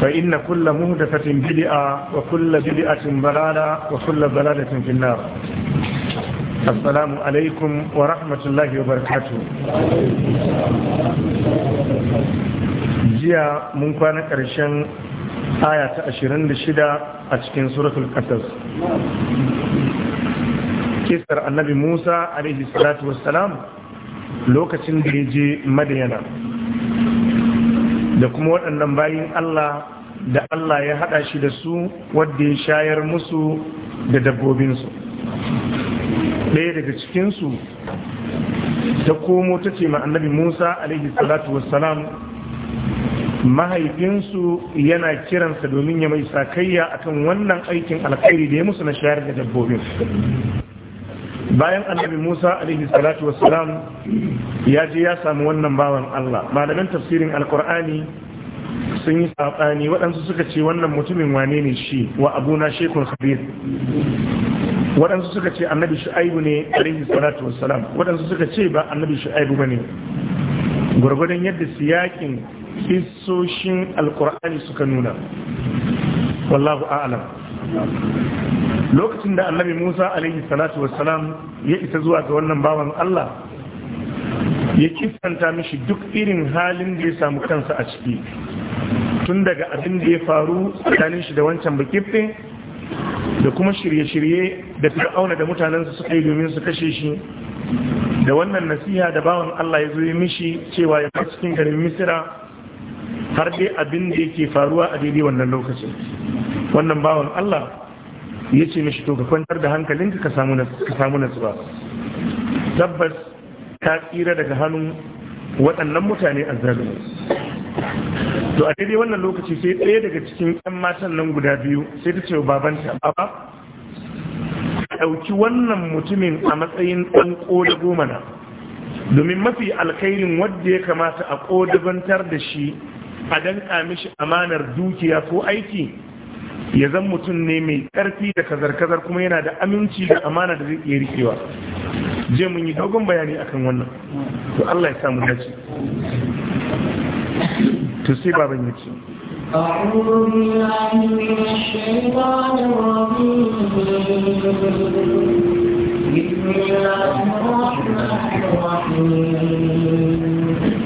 فإن كل مهدفة بدئة وكل بدئة ضلالة وكل ضلالة في النار السلام عليكم ورحمة الله وبركاته جيا منقوانا كرشان آية أشيرين لشدة أشكين سورة القصص kisar annabi musa alaihi salatu wassalam lokacin da ya je madiyana da kuma waɗannan bayin Allah da Allah ya haɗa shi da su wadda ya shayar musu da dabbobinsu ɗaya daga cikinsu ta komo ta ce ma annabi Musa alaihi salatu wassalam mahaifinsu yana kiransa domin ya mai sakayya akan wannan aikin alkhairi da ya musu na shayar da dabbobin bayan annabi musa alaihi salatu wassalam ya je ya samu wannan bawan allah malaman tafsirin alkur'ani sun yi saɓani waɗansu suka ce wannan mutumin wane ne shi wa abuna shekun khabir waɗansu suka ce annabi shu'aibu ne alaihi salatu wassalam waɗansu suka ce ba annabi shu'aibu ba ne gwargwadon yadda siyakin hissoshin alkur'ani suka nuna wallahu a'lam lokacin da annabi musa alaihi salatu wassalam ya isa zuwa ga wannan bawan allah ya kisanta mishi duk irin halin da ya samu kansa a ciki tun daga abin da ya faru tsakanin shi da wancan bakifin da kuma shirye-shirye da auna da mutanensa suka yi domin su kashe shi da wannan nasiha da bawan Allah ya zo zoye mishi cewa ya cikin garin misira har dai abin da yake faruwa a daidai wannan lokacin wannan bawan Allah ya ce mishi to ka kwantar da hankalinka ka samu nasuwa tabbas ta tsira daga hannun waɗannan mutane a zalimi to a daidai wannan lokaci sai ɗaya daga cikin 'yan matan nan guda biyu sai ta ce babanta baba ɗauki wannan mutumin a matsayin ɗan ƙodago mana domin mafi alkhairin wadda ya kamata a ƙodabantar da shi a danƙa mishi amanar dukiya ko aiki ya zan mutum ne mai ƙarfi da kazar-kazar kuma yana da aminci da amana da zai iya rikewa je mun yi dogon bayani akan wannan to Allah ya samu dace to sai baban ya ce بسم الله الرحمن الرحيم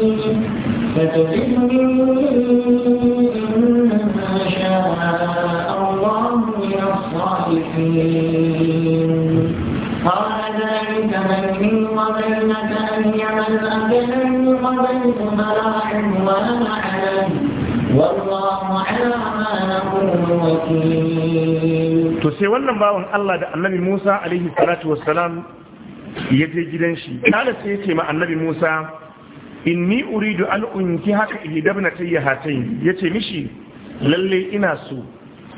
لم ولا to sai wannan bawan Allah da Annabi Musa alaihi salatu wassalam ya je gidan shi kana sai yace ma Annabi Musa inni uridu an unki haka ihdabna tayya Ya yace mishi lalle ina so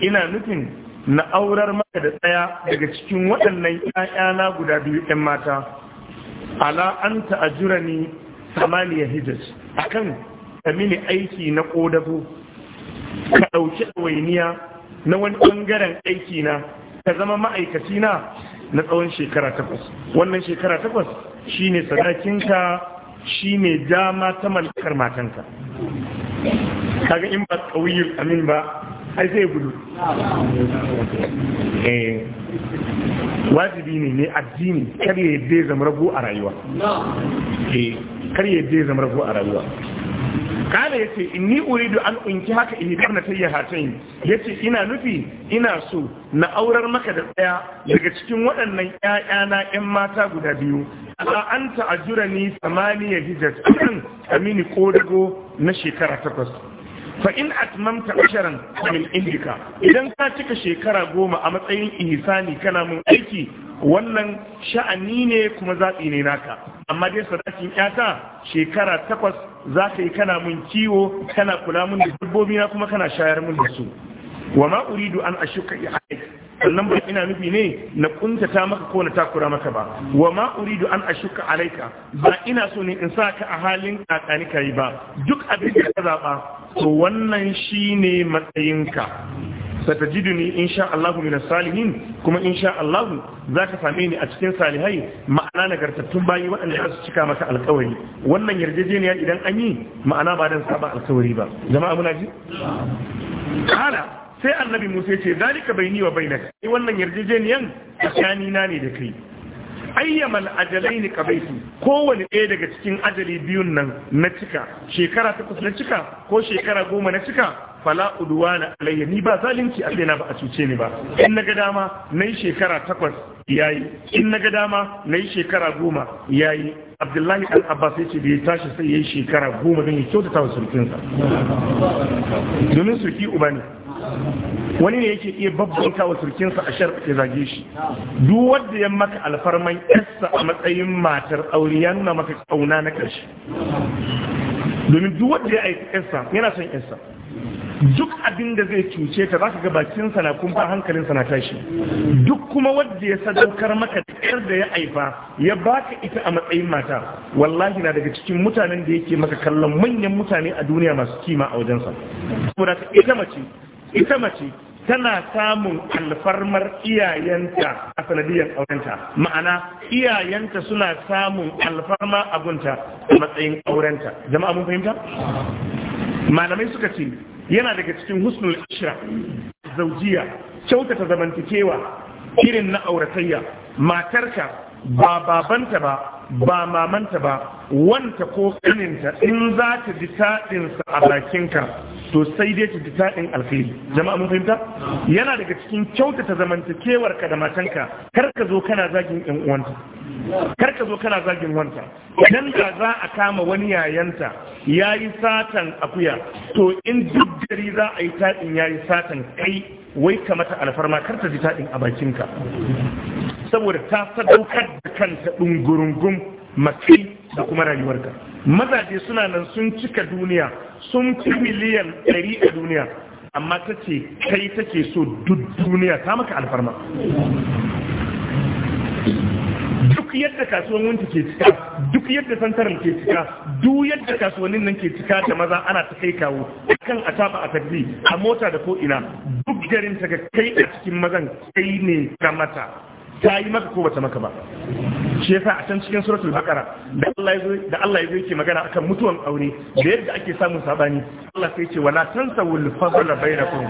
ina nufin na aurar maka da tsaya daga cikin waɗannan 'ya'yana guda biyu 'yan mata ala an ni. samaniya hijaz akan kan mini aiki na kodabu ka ɗauki ɗawainiya na wani ɓangaren aiki na ka zama ma'aikaci na na tsawon shekara takwas wannan shekara takwas shi ne sadakinka ne dama ta mallakar matanka kaga in ba ƙauyin amin ba ai zai gudu eh, wajibi ne ne addini kar ya yadda zama rabu a rayuwa eh. kar ya je zama rago a rayuwa kana ya inni uridu an unki haka ihidar na tayyahatain hatayin ya ina nufi ina so na aurar maka da tsaya daga cikin waɗannan ‘ya'yana ‘yan mata guda biyu A an ajurani samaniya hijjat amini ko na shekara takwas fa in atmamta asharan min indika idan ka cika shekara goma a matsayin ihsani kana mun aiki wannan sha'ani ne kuma zaɓi ne naka amma dai sadakin yata shekara takwas za ka yi kana mun kiwo kana kula mun da dabbobi na kuma kana shayar mun da su wa ma uridu an ashuka alayk sannan ba ina nufi ne na kuntata maka ko na takura maka ba wa ma uridu an ashuka alayka ba ina so ne in sa ka a halin kakani kai ba duk abin da ka zaba to wannan shine matsayinka satajiduni insha Allah min salihin kuma insha Allah zaka same ni a cikin salihai ma'ana nagartattun bayi waɗanda za su cika maka alƙawari wannan yarjejeniya idan an yi ma'ana ba dan saba alƙawari ba jama'a muna ji kana sai annabi musa ya ce zalika bai wa bai naka ai wannan yarjejeniyan tsakani na ne da kai ayyamal ajalaini qabaitu kabaitu kowane ɗaya daga cikin ajali biyun nan na cika shekara takwas na cika ko shekara goma na cika fala udwana alayya ni ba zalunci a kaina ba a cuce ni ba in naga dama nayi shekara takwas yayi in naga dama nayi shekara goma yayi abdullahi al abbas yace da ya tashi sai yayi shekara goma don ya kyautata wa surukinsa. domin suruki uba ne wani ne yake iya babbanta wa surkinsa a shar ya zage shi duk wanda ya maka alfarman yarsa a matsayin matar aure ya maka kauna na karshe domin duk wanda ya aiki yarsa yana son yarsa duk abin da zai cuce ta zaka ga bakinsa na kumfa hankalinsa na tashi duk kuma wanda ya sadaukar maka yar da ya aifa ya baka ita a matsayin mata wallahi na daga cikin mutanen da yake maka kallon manyan mutane a duniya masu kima a wajensa saboda ita mace ita mace tana samun alfarmar iyayenta a sanadiyar aurenta ma'ana iyayenta suna samun alfarma abunta a matsayin aurenta jama'a mun fahimta malamai suka ce yana daga cikin husnul ishra zaujiya kyautata zamantakewa irin na auratayya matarka ba babanta ba ba mamanta ba wanta ko kaninta in za ta ji taɗinsa a bakinka to sai dai ta ji taɗin alkhairi jama'a mun fahimta yana daga cikin kyautata zamantakewar ka da matanka kar ka zo kana zagin ɗan uwanta kar ka zo kana zagin wanta idan da za a kama wani yayanta ya yi satan akuya to in duk gari za a yi taɗin ya yi satan kai wai kamata alfarma kar ta ji taɗin a bakinka saboda ta sadaukar da kanta ɗungurungun mace da kuma rayuwarka mazaje suna nan sun cika duniya sun fi miliyan ɗari a duniya amma ta ce kai ta ke so duk duniya ta maka alfarma duk yadda kasuwanninta ke cika duk yadda santarar ke cika duk yadda kasuwannin nan ke cika da maza ana ta kai kawo kan a taba a tagzi a mota da ko ina duk garin ta ga kai a cikin mazan kai ne ga mata ta yi maka ko bata maka ba shi yasa a can cikin suratul baqara da Allah yazo da Allah yazo yake magana akan mutuwan aure da yadda ake samun sabani Allah sai ce wala tansawul fadl bainakum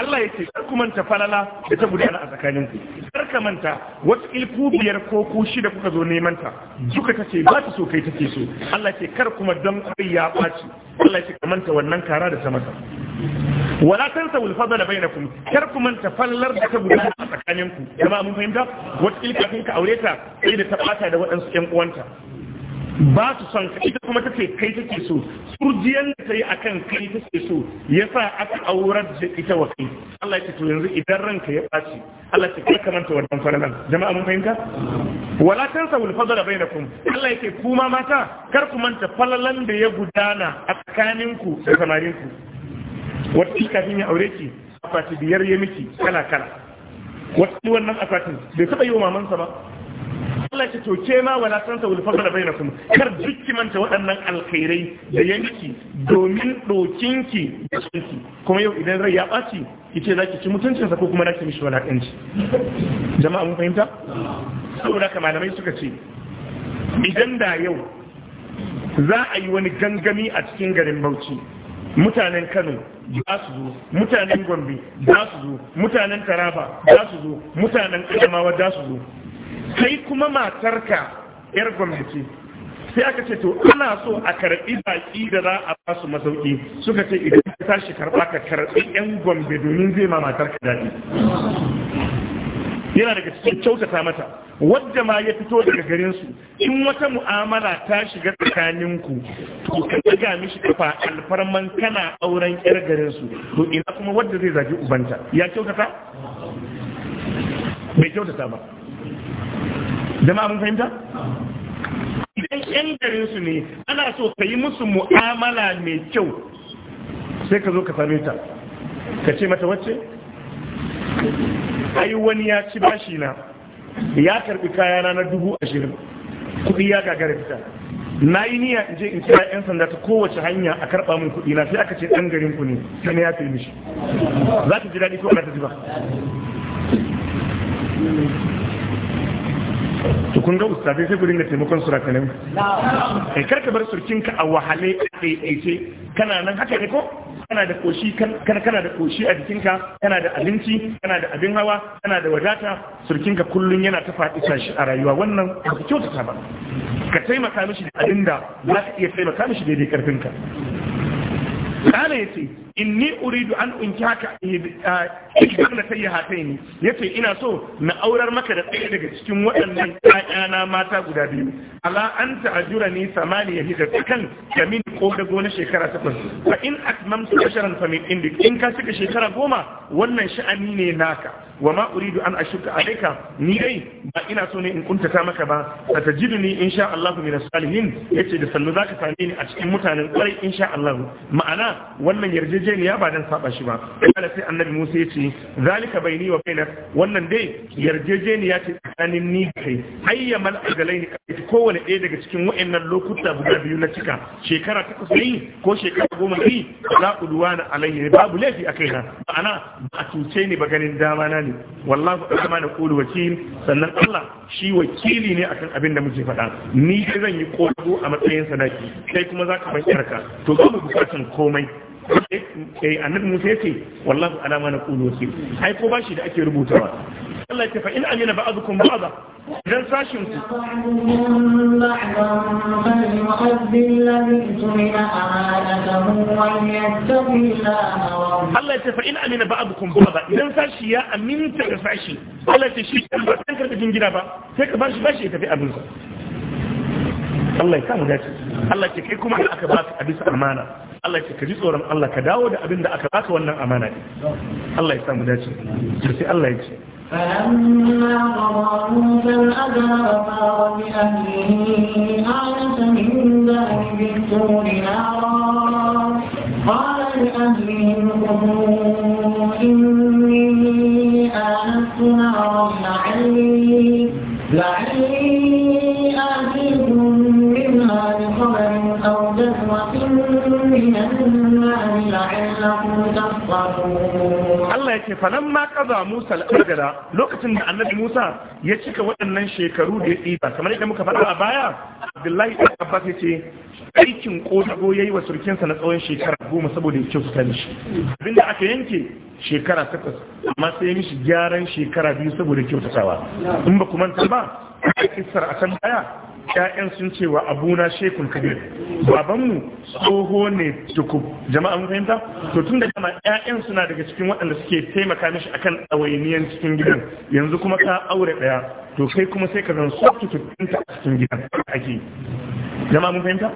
Allah yake ku manta falala da ta gudana a tsakanin ku kar ka manta wata ilku biyar ko ku da kuka zo neman ta duka tace ba ta so kai take so Allah ce kar kuma dan kai ya baci Allah ya ce manta wannan kara da ta masa wala tansa wal fadl bainakum kar ku manta fallar da ta gudana a tsakaninku jama'a mun fahimta wata kafin ka aure ta sai da ta ɓata da waɗansu ƴan uwanta ba su son ka ita kuma ta ce kai take so surjiyar da ta yi a kan kai take so ya sa aka aurar da ita wa kai Allah ya ce to yanzu idan ranka ya ɓaci Allah ya ce kai kamanta wannan nan. jama'a mun fahimta wala tansa wal fadala bainakum Allah ya ce kuma mata kar ku manta falalan da ya gudana a tsakaninku da samarinku wata kafin ya aure ki Fati biyar ya miki kala kala wata wannan akwatin bai taɓa yi wa mamansa ba Allah ce toke ma wala san sa wulfa da bai kuma kar dukki manta waɗannan alkhairai da yanki domin dokinki da kuma yau idan rai ya baci kice zaki ci mutuncin sa ko kuma zaki mishi wala kanci jama'a mun fahimta saboda kamar malamai suka ce idan da yau za a yi wani gangami a cikin garin Bauchi mutanen Kano za su zo mutanen Gombe za su zo mutanen Taraba za su zo mutanen Adamawa za su zo kai kuma matarka yar gwamnati sai aka ce to ana so a karɓi zaƙi da za a ba su masauki suka ce idan ka tashi karɓa ka karɓi yan gwamnati domin zai ma matarka daɗi yana daga cikin kyautata mata wadda ma ya fito daga garinsu in wata mu'amala ta shiga tsakaninku to ka daga mishi kafa alfarman kana auren yar garinsu to ina kuma wadda zai zaki ubanta ya kyautata bai kyautata ba jama'a mun fahimta idan yan garinsu ne ana so ka yi musu mu'amala mai kyau sai ka zo ka same ta ka ce mata wacce Aiwani wani ya ci bashi na ya karbi kayana na dubu ashirin kuɗi ya gagara fita na yi niyya in je in kira 'yan sanda ta kowace hanya a karɓa min kuɗi na sai aka ce ɗan garin ku ne sai ya fi mishi za ta ji daɗi ko ba ta ji ba to kun ga ustadai sai ku dinga taimakon eh, ka kai karka bar ka a wahale a ɗaiɗaice kana nan haka ne ko kana da koshi kana kana da koshi a jikin ka kana da abinci kana da abin hawa kana da wadata surkinka kullum yana ta faɗi shi a rayuwa wannan ba ku kyautata ba ka taimaka mishi da abinda za ka iya taimaka mishi daidai ka kana yace inni uridu an unki haka eh, eh, ibn sayyi hataini yace ina so na aurar maka da ɗaya daga cikin waɗannan ƴaƴana mata guda biyu ala an ta'jura ni samaniya hijja kan da ko da gona shekara takwas fa in atmamtu asharan fa min indik in ka cika shekara goma wannan sha'ani ne naka wa ma uridu an ashuka alayka ni dai ba ina so ne in kuntata maka ba satajiduni insha Allah min salihin yace da sannu zaka same ni a cikin mutanen kwarai insha Allah ma'ana wannan yarjejeniya ba dan saba shi ba kana sai annabi Musa yace zalika baini wa bainak wannan dai yarjejeniya ce tsakanin ni da kai ayyaman ajalaini kowane ɗaya daga cikin wa'annan lokuta guda biyu na cika shekara takwas ne ko shekara goma ne za ku duwana alayhi babu laifi a kaina ma'ana ba a cuce ni ba ganin dama na ne wallahu alama na kulu wakil sannan Allah shi wakili ne akan abin da muke faɗa ni zan yi kodo a matsayin sadaki kai kuma zaka ban yarka to ba mu komai eh annabi Musa yace wallahi ala ma naqulu wakil ai ko bashi da ake rubutawa Allah ya fa in amina ba'dukum ba'da idan sashin ku Allah ya fa in amina ba'dukum ba'da idan sashi ya aminta da sashi Allah ya shi ba san karka jingina ba sai ka bashi bashi ya tafi abin sa Allah ya samu dace Allah ya kai kuma aka ba ka abin amana Allah ce ka ji tsoron Allah ka dawo da abin da aka baka wannan amana ne Allah ya samu dace sai Allah ya ce فلما قضى موسى الأجر وفار بأهله آنس من ذلك الطور نارا قال لأهلهم خذوا إني آنست نارا لعلي لعلي Allah ya ce fanan ma kaza Musa al'adara lokacin da annabi Musa ya cika waɗannan shekaru da ya tsira. kamar yadda muka faɗa a baya Abdullahi ɗan Abbas yace aikin ƙodago yayi wa wa surkinsa na tsawon shekara goma saboda ya kyaututa shi abinda aka yanke shekara takwas amma sai ya mishi gyaran shekara biyu saboda kyautatawa in ba ku manta ba a kisar a can baya 'ya'yan sun ce wa abuna shekul kabir babanmu tsoho ne tukub jama'a mun fahimta to tun da dama yayan suna daga cikin waɗanda suke taimaka mishi akan ɗawainiyan cikin gidan yanzu kuma ka aure ɗaya to kai kuma sai ka zan substitute ɗinta a cikin gidan ake jama mun fahimta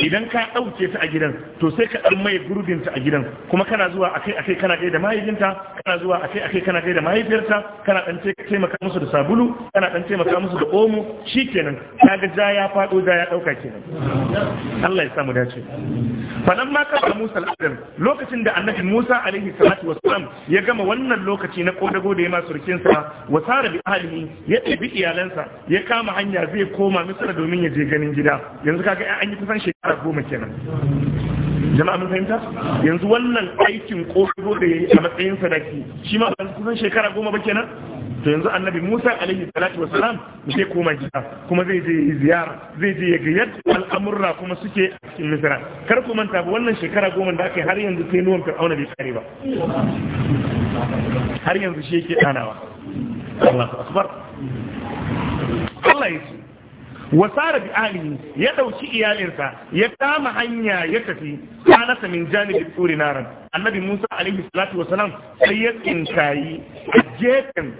idan ka ɗauke ta a gidan to sai ka ɗan mai gurbin ta a gidan kuma kana zuwa akai akai kana kai da mahaifinta kana zuwa akai akai kana kai da mahaifiyarta kana ɗan taimaka musu da sabulu kana ɗan taimaka musu da omo shikenan kaga ja ya faɗo ja ya ɗauka kenan Allah ya sa mu dace fadan ma ka Musa al al-Adam lokacin da annabi Musa alaihi salatu wassalam ya gama wannan lokaci na kodago da ya ma surkin sa wa sara ahlihi ya tabi iyalansa ya kama hanya zai koma Misra domin ya je ganin gida ya yanzu kaga an yi kusan shekara goma kenan jama'a mun fahimta yanzu wannan aikin kogo da yayi a matsayin sadaki shi ma an kusan shekara goma ba kenan to yanzu annabi Musa alaihi salatu wa salam sai koma gida kuma zai je ziyara zai je ga yadda al'amurra kuma suke a cikin Misra kar ku manta ba wannan shekara goma da aka yi har yanzu sai nuwan Fir'auna bai kare ba har yanzu shi yake danawa Allahu akbar Allah ya wasara bi alihi ya dauki iyalinsa ya kama hanya ya tafi kanasa min janibi tsuri naran annabi musa alaihi salatu wasalam sai ya tsinkayi a gefen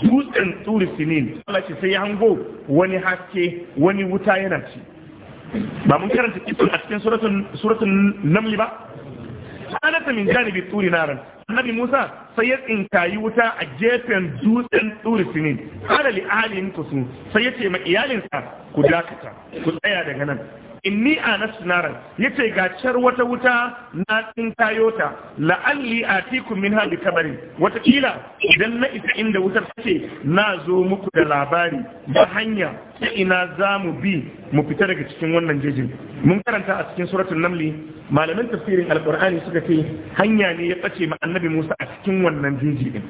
dutsen tsuri sinin Allah ce sai ya hango wani haske wani wuta yana ci ba mun karanta kisan a cikin suratun namli ba kanata min janibi turi naran annabi Musa sai ya tsinkayi wuta a gefen dutsen turi sinin kada li ahalin sai ya ce ma iyalinsa ku dakata ku tsaya daga nan inni anastu naran yace ce car wata wuta na tsinkayo ta la'alli atikum minha bi kabarin wata idan na isa inda wutar take na zo muku da labari ba hanya ta ina za mu bi mu fita daga cikin wannan jejin mun karanta a cikin suratul namli malamin tafsirin alqur'ani suka ce hanya ne ya ɓace ma annabi Musa a cikin wannan jeji din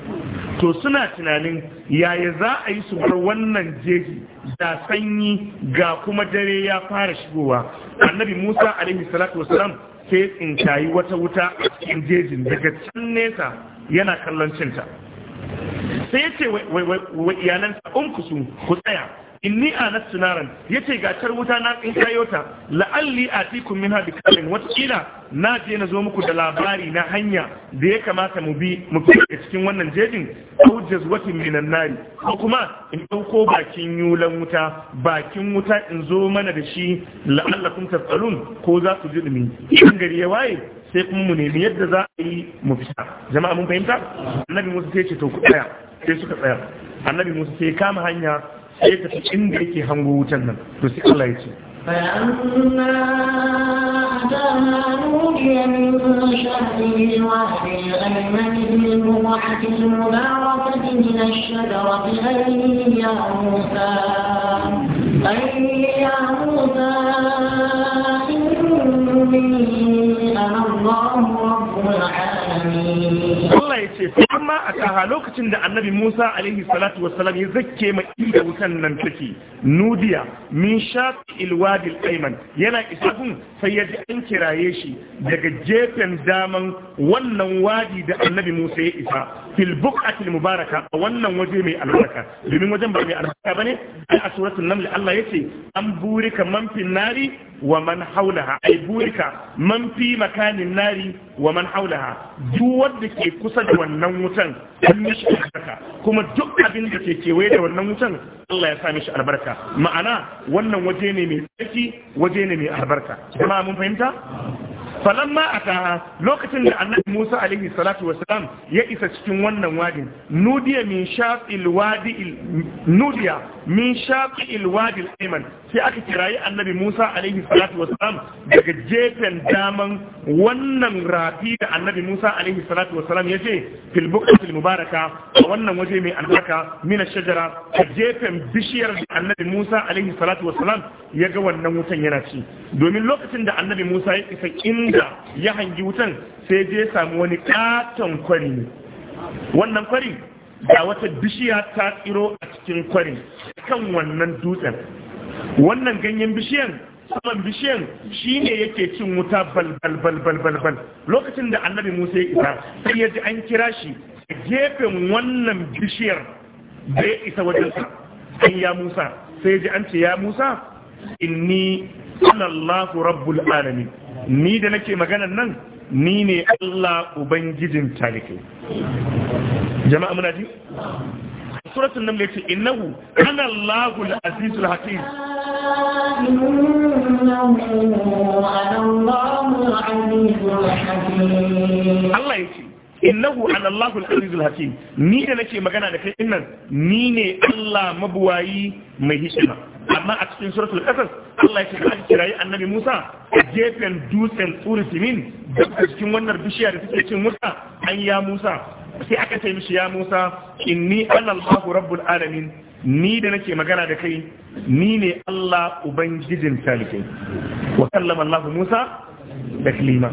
to suna tunanin yaya za a yi sukar wannan jeji da sanyi ga kuma dare ya fara shigowa annabi musa alaihi salatu wasalam sai tsinkayi wata wuta a cikin jejin daga can nesa yana kallon cinta sai ya ce wa iyalansa in ku tsaya inni anastu naran yace ga tar wuta na in kayo ta la'alli atikum minha bi kalin watakila na je na zo muku da labari na hanya da ya kamata mu bi mu fita cikin wannan jejin ko jazwatin minan nari ko kuma in ɗauko bakin yulan wuta bakin wuta in zo mana da shi la'allakum tasalun ko za ku ji dumi in gari ya waye sai kuma mu nemi yadda za a yi mu fita jama'a mun fahimta annabi musa sai ce to ku tsaya sai suka tsaya annabi musa sai kama hanya sai ka tafi inda yake hango wutan nan to sai Allah ya ce فلما أتاها نودي من شهره الوهد الأيمن بالبقعة المباركة من الشجرة أي يا موسى أي يا موسى إني أنا الله رب العالمين Allah ya ce amma a taha lokacin da annabi Musa alaihi salatu wassalam ya zake ma inda wutan nan take nudiya min shafi ilwadil ayman yana isa gun sai ya ji an kiraye shi daga jefen daman wannan wadi da annabi Musa ya isa fil buqatil mubaraka a wannan waje mai albarka domin wajen ba mai albarka bane a suratul naml Allah yace an burika man fin nari wa man haulaha ay burika man fi makanin nari wa man haulaha duk wanda ke kusa wannan wutan an mishi albarka kuma duk abin da ke kewaye da wannan wutan Allah ya sa mishi albarka ma'ana wannan waje ne mai tsarki waje ne mai albarka jama'a mun fahimta Falan ma a ataha lokacin da annabi Musa alaihi salatu wasalam ya isa cikin wannan wadin nudiya min shaqil wadi nudiya min shaqil wadi al-ayman sai aka kirayi annabi Musa alaihi salatu wasalam daga jefen daman wannan rafi da annabi Musa alaihi salatu wasalam ya ce fil buqatil mubaraka a wannan waje mai albarka min shajara, shajara jefen bishiyar da annabi Musa alaihi salatu wasalam ya ga wannan wutan yana ci domin lokacin da annabi Musa ya isa in da ya hangi wutan sai je sami wani katon kwari wannan kwarin ga wata bishiya ta tsiro a cikin kwarin kan wannan dutsen wannan ganyen bishiyan saman bishiyan shi ne yake cin wuta balbalbalbalbal lokacin da annabi musa ya isa sai ya ji an kira shi a gefen wannan bishiyar da isa wajensa an ya musa sai ya ji an ce ya musa inni Allahu rabbul alamin ni da nake magana nan ni ne Allah ubangijin talikai jama'a muna ji suratul nam yace innahu ana Allahu al-azizul hakim Allah yake innahu an Allahul azizul hakim ni da nake magana da kai innan ni ne Allah mabuwayi mai hikima amma a cikin suratul qasas Allah ya ce ka kirayi annabi Musa a gefen dutsen tsuri simin da cikin wannan bishiya da take cin Musa an ya Musa sai aka ce mishi ya Musa inni ana Allahu rabbul alamin ni da nake magana da kai ni ne Allah ubangijin talikai wa kallama Allah Musa taklima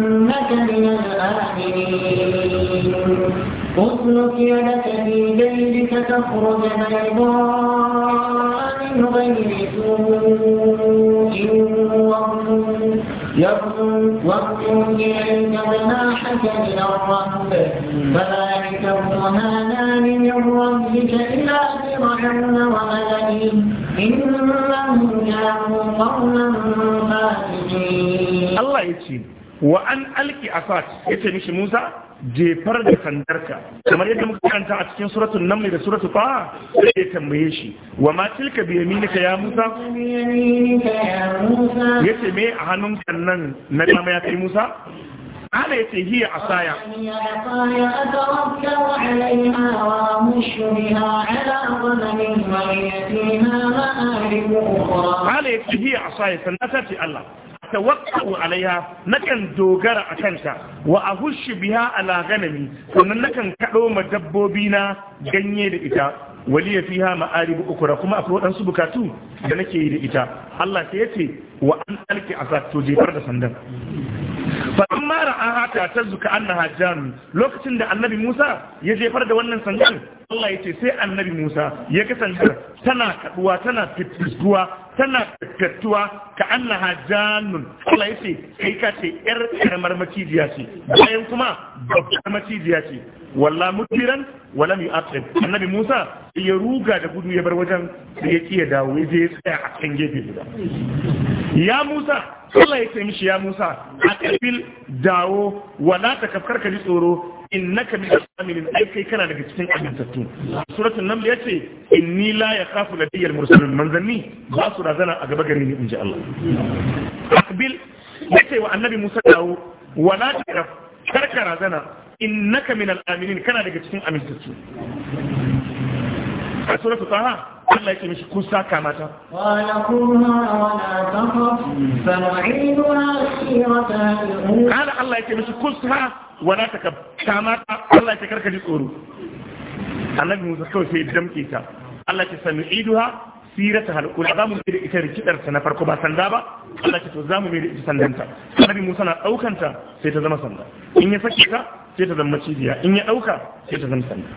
اسلك لك في جيبك تخرج بيضاء من غير سوء واغفر إليك جناحك من الرهب فذلك برهانان من ربك إلا فرعون وملئه إنهم كانوا قوما فاسقين الله يجزيك وأن ألقي عصاك يتمشي موسى jefar da sandarka kamar yadda muka karanta a cikin suratul naml da suratul fa sai ya tambaye shi wa ma tilka bi yaminika ya musa yace me a hannun kan nan na dama ya kai musa ana yace hiya asaya ana yace hiya asaya sannan ta ce Allah atawakkau alaiha nakan dogara a kanta wa ahushu biha ala ganami sannan nakan kado ma dabbobi na ganye da ita waliya fiha ma'arib ukura kuma akwai wadansu bukatu da nake yi da ita Allah sai yace wa an alki asat jefar da sandan fa amma ra'aha ta tazuka annaha jami lokacin da annabi Musa ya jefar da wannan sandan Allah yace sai annabi Musa ya kasance tana kaduwa tana fitiskuwa tana tattuwa ka annaha jannun Allah yace kai ka ce yar karamar macijiya ce bayan kuma babbar macijiya ce walla mutiran wala mi aqib annabi Musa ya ruga da gudu ya bar wajen da ya dawo ya je ya tsaya a kan gefe guda ya Musa Allah ya ce mishi ya Musa a aqbil dawo wala kafkar ka ji tsoro innaka min al-aminin ai kai kana daga cikin amintattu suratul naml yace inni la yakhafu ladayyal mursalun manzanni ba su razana a gaba gare ni inji Allah akbil yace wa annabi Musa dawo wala taraf karka razana innaka min al-aminin kana daga cikin amintattu a suratul taha Allah yake mishi kun saka mata. Kala Allah yake mishi kun sa wala ta kama Allah ta karka tsoro annabi Musa kawai sai damke ta Allah ta sanu iduha sirata halqul azamu da ita rikidar ta na farko ba sanda ba Allah ta to zamu mai da ita sandanta annabi Musa na daukan ta sai ta zama sanda in ya saki ta sai ta zama cibiya in ya dauka sai ta zama sanda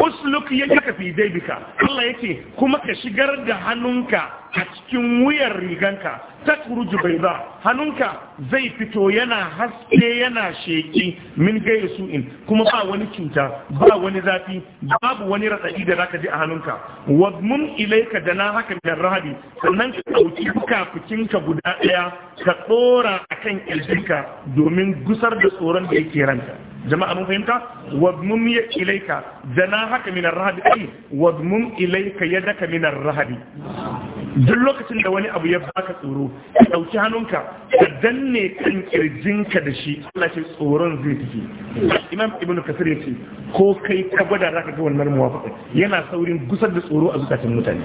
usluk ya jaka fi daibika Allah ya kuma ka shigar da hannunka a cikin wuyar riganka ta turuju bai ba hannunka zai fito yana haske yana sheki min gaya su'in kuma ba wani cuta ba wani zafi babu wani raɗaɗi da zaka ji a hannunka wadmun ilaika da na haka da rahadi sannan ka ɗauki fukinka guda ɗaya ka ɗora a akan ƙirjinka domin gusar da tsoron da yake ranka jama'a mun fahimta wadmum ya ilaika jana haka minar rahabi ai wadmum ilaika yadaka minar rahabi duk lokacin da wani abu ya baka tsoro ɗauki dauki hannunka ka danne kan kirjinka da shi Allah ce tsoron zai tafi imam ibn kasir ya ce ko kai ka gwada ka ga wannan muwafaqa yana saurin gusar da tsoro a zukatan mutane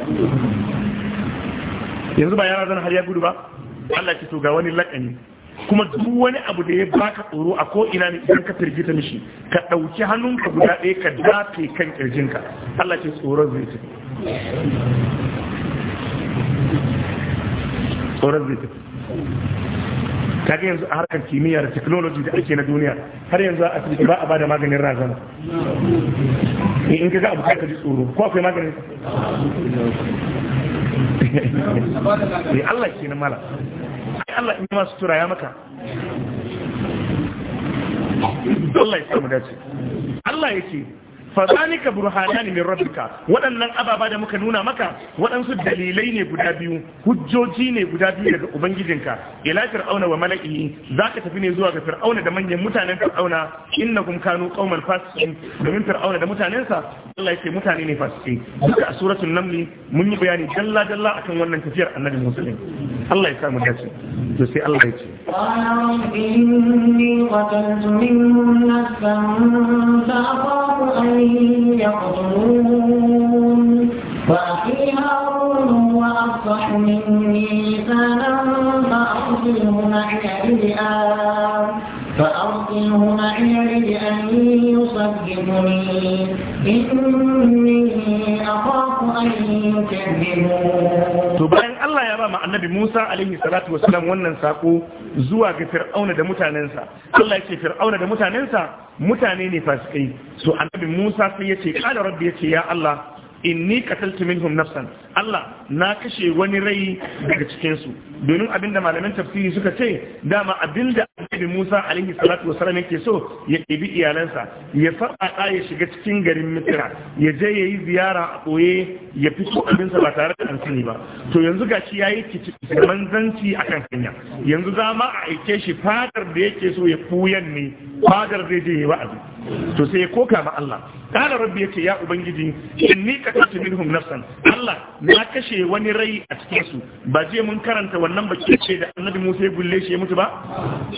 yanzu ba yara zan har ya gudu ba Allah ce to ga wani lakani kuma duk wani abu da ya baka tsoro a ko ina ne idan ka firgita mishi ka ɗauki hannunka guda ɗaya ka dafe kan kirjinka Allah ce tsoron zai tafi tsoron zai tafi kaga yanzu a harkar kimiyya da technology da ake na duniya har yanzu a asibiti ba a bada maganin razana eh, in ka ga abu ka ji tsoro ko akwai maganin eh, Allah ke na mala sai Allah in masu tura ya maka Allah ya samu dace Allah ya ce fadhalika burhanani min rabbika waɗannan ababa da muka nuna maka waɗansu dalilai ne guda biyu hujjoji ne guda biyu daga ubangijinka ila fir'auna wa mala'ihi zaka tafi ne zuwa ga fir'auna da manyan mutanen fir'auna innakum kanu qauman fasiqin domin fir'auna da mutanensa Allah yake mutane ne fasiki duka a suratul naml mun yi bayani dalla dalla akan wannan tafiyar annabi musulmi Allah ya kama dace to sai Allah ya ce فأرسله معي لأن يصدقني إني أخاف أن يكذبون Allah ya ba ma Annabi Musa عليه الصلاة والسلام wannan sako zuwa ga Fir'auna da mutanensa Allah yace Fir'auna da mutanensa mutane ne fasikai so annabi Musa sai yace qala rabbi yace ya Allah inni qataltu minhum nafsan Allah na kashe wani rai daga cikin su domin abinda malaman tafsiri suka ce dama abinda annabi Musa alaihi salatu wasallam yake so ya ɗebi iyalansa ya faɗaɗa ya shiga cikin garin Misira ya je ya yi ziyara a ɓoye ya fito abinsa ba tare da an sani ba to yanzu ga shi ya yi manzanci a kan hanya yanzu za ma a aike shi fadar da yake so ya fuyan ne fadar zai je ya wa'azi to sai ya koka ma Allah kana rabbi yake ya ubangiji inni qatatu minhum nafsan Allah na kashe wani rai a cikin su ba je mun karanta wannan baki ce da annabi Musa ya gulle shi ya mutu ba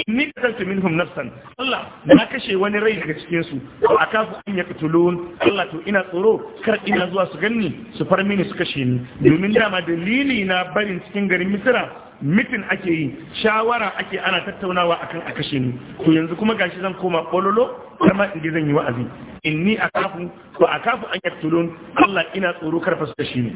inni qatatu minhum nafsan Allah na kashe wani rai daga cikin su to akafu an yaqtulun Allah to ina tsoro kar ina zuwa su ganni su far mini su kashe ni domin dama dalili na barin cikin garin Misra mitin ake yi shawara ake ana tattaunawa akan a kashe ni to yanzu kuma gashi zan koma bololo ma in zan yi wa'azi inni akafu a akafu an yaktulun Allah ina tsoro karfa su kashe ni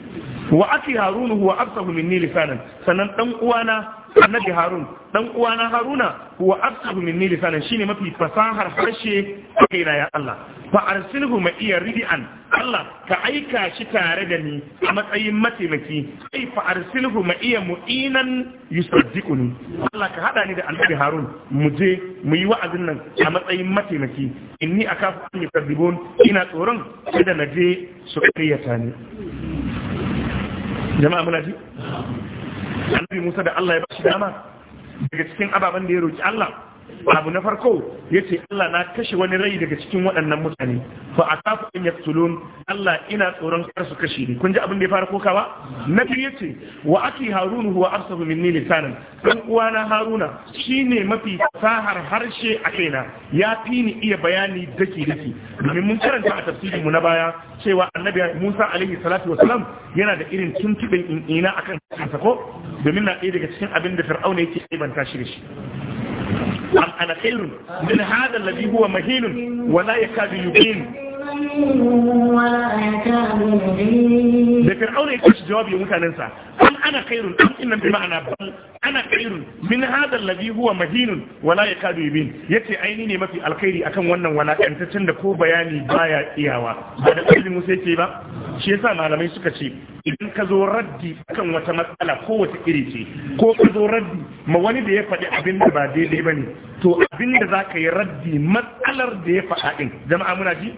wa aki harunu huwa afsahu minni lisanan sannan dan uwana annabi harun dan uwana haruna huwa afsahu minni lisanan shine mafi fasahar harshe a kaina ya Allah fa arsilhu ma iya ridian Allah ka aika shi tare da ni a matsayin mataimaki sai fa arsilhu ma iya mu'inan yusaddiquni Allah ka hada ni da annabi harun mu je mu yi wa'azin nan a matsayin mataimaki inni akafu an yukadibun ina tsoron kada na je su kayyata ni jama'a muna ji annabi Musa da Allah ya bashi dama daga cikin ababen da ya roki Allah abu na farko yace Allah na kashe wani rai daga cikin waɗannan mutane fa akafu an yaqtulun Allah ina tsoron kar su kashe ni kun ji abin da ya fara kokawa na biyu yace wa aki harun huwa afsahu minni lisanan dan uwana haruna shine mafi fasahar harshe a kaina ya fi ni iya bayani daki daki domin mun karanta a tafsirin mu na baya cewa annabi Musa alaihi salatu wasalam yana da irin tuntuɓin in'ina akan kansa ko domin na ɗaya daga cikin abin da fir'auna yake ibanta shi da shi أم أنا خير من هذا الذي هو مهين ولا يكاد يبين da fir'auna ya kashi jawabi mutanensa an ana kairun an inna bi ma'ana bal ana kairun min hadha alladhi huwa mahinun wala yakadu yubin yace aini ne mafi alkhairi akan wannan walakantaccen da ko bayani baya iyawa ba da kalli musa yake ba shi yasa malamai suka ce idan ka zo raddi akan wata matsala ko wata iri ce ko ka zo raddi ma wani da ya faɗi abin da ba daidai bane to abin da ka yi raddi matsalar da ya faɗa din jama'a muna ji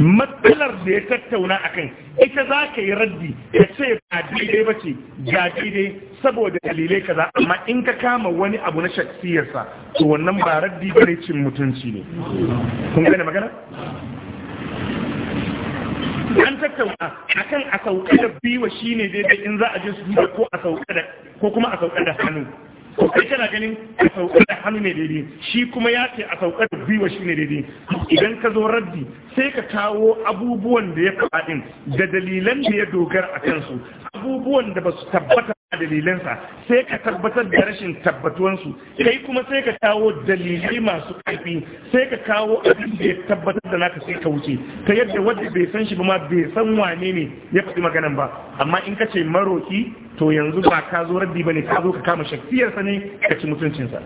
matsalar da ya tattauna a kan ita za ka yi raddi ya ce ba daidai ba ce ga daidai saboda dalilai kaza amma in ka kama wani abu na shaksiyarsa to wannan ba raddi ba ne cin mutunci ne kun gane magana an tattauna akan a sauka da biwa ne daidai in za a je su ko ko kuma a sauka da hannu to kai kana ganin a saukar da hannu ne daidai shi kuma ya ce a saukar da gwiwa shi ne daidai idan ka zo raddi sai ka kawo abubuwan da ya faɗin da dalilan da ya dogara a kansu abubuwan da ba su tabbata dalilansa sai ka tabbatar da rashin tabbatuwansu kai kuma sai ka kawo dalilai masu ƙarfi sai ka kawo abin da ya tabbatar da naka sai ka wuce ta yadda wanda bai san shi ba ma bai san wane ne ya faɗi maganan ba amma in ka ce maroki to yanzu ba ka zo raddi ba ne ka zo ka kama shafiyarsa ne ka ci mutuncinsa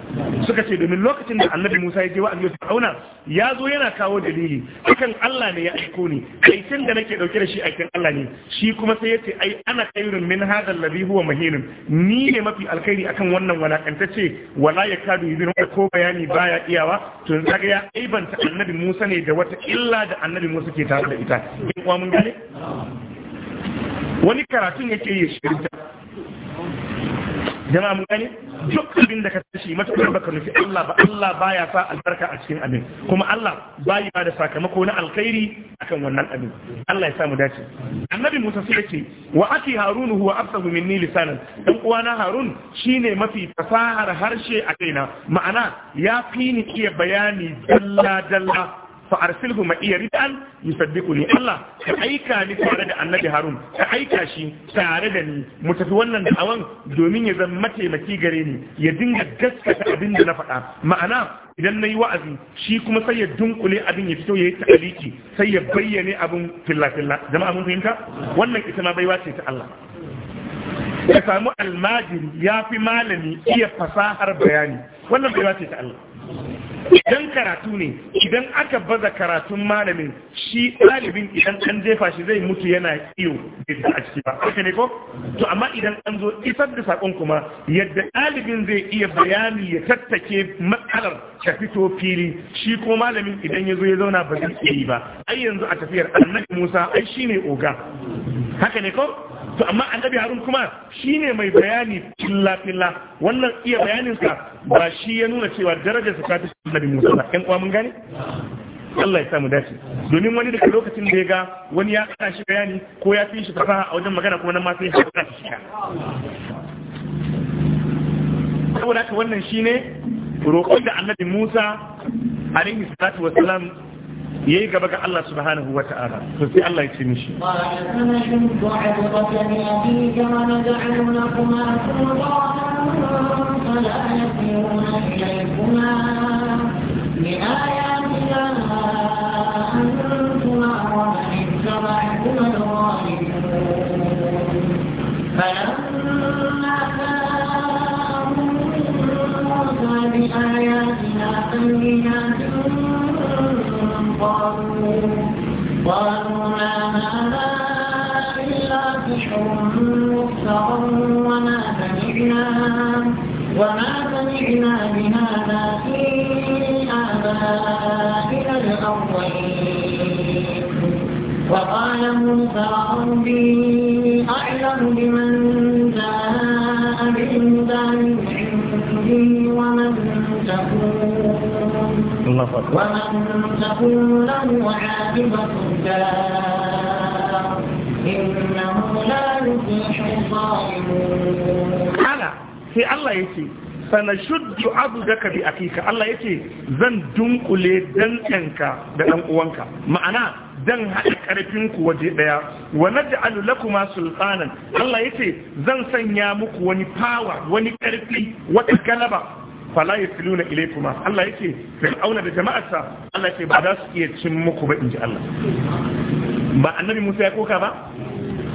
suka ce domin lokacin da annabi musa ya je wa aliyu fir'auna ya zo yana kawo dalili akan allah ne ya aiko ni aikin da nake dauke da shi aikin allah ne shi kuma sai ya ce ai ana kairun min hadal ladhi huwa mahin ni ne mafi alkhairi akan wannan walakantacce wala ya kadu yuzin wata ko bayani baya iyawa to zaga ya aibanta annabi Musa ne da wata illa da annabi Musa ke tare da ita in kuwa mun gane wani karatun yake yi jama'a mun gane duk abin da ka tashi matukar baka nufi Allah ba Allah baya sa albarka a cikin abin kuma Allah bayi ba da sakamako na alkhairi akan wannan abin Allah ya samu dace annabi Musa sai yake wa ati harun huwa afsahu minni lisanan dan uwana harun shine mafi fasahar harshe a kaina ma'ana ya fi ni iya bayani dalla dalla fa arsilhu ma iya ridan yusaddiquni Allah ka aika ni tare da annabi Harun ka aika shi tare da ni mu tafi wannan da'awan domin ya zama mataimaki gare ni ya dinga gaskata abin da na faɗa ma'ana idan na yi wa'azi shi kuma sai ya dunkule abin ya fito ya yi ta'aliki sai ya bayyane abin filla-filla jama'a mun fahimta wannan ita ma baiwa ce ta Allah ka samu almajiri ya fi malami iya fasahar bayani wannan baiwa ce ta Allah idan karatu ne idan aka baza karatun malamin shi ɗalibin idan an jefa shi zai mutu yana iyo da a ciki ba haka ne ko to amma idan an zo isar da sakon kuma yadda ɗalibin zai iya bayani ya tattake matsalar ta fito fili shi ko malamin idan ya zo ya zauna ba zai iya yi ba ai yanzu a tafiyar annabi musa ai shine oga haka ne ko to amma annabi harun kuma shine mai bayani filla filla wannan iya sa ba shi ya nuna cewa darajarsa ta fi annabi musa ba uwa mun gane Allah ya samu dace domin wani daga lokacin da ya ga wani ya kana shi bayani ko ya fi shi fasaha a wajen magana kuma nan ma sai ya kana shi ka saboda haka wannan shine roƙon da annabi Musa alaihi salatu wassalam yayi gaba ga Allah subhanahu wa ta'ala to sai Allah ya ce mishi فلما قالوا ما هذا إلا وما سمعنا بهذا في آبائنا وقال موسى ربي ومن تكون له عاقبة الدار إنه لا يفلح الظالمون أنا sana shuddu abu bi akika Allah yace zan dunkule dantsanka da ɗan'uwanka, ma'ana zan haɗa ƙarfin ku waje ɗaya wa da kuma sultanan Allah ya ce zan sanya muku wani power wani ƙarfi wata galaba fala yasluna ilaykuma Allah yake fir'auna da jama'arsa Allah yake ba za su iya cin muku ba inji Allah ba annabi Musa ya koka ba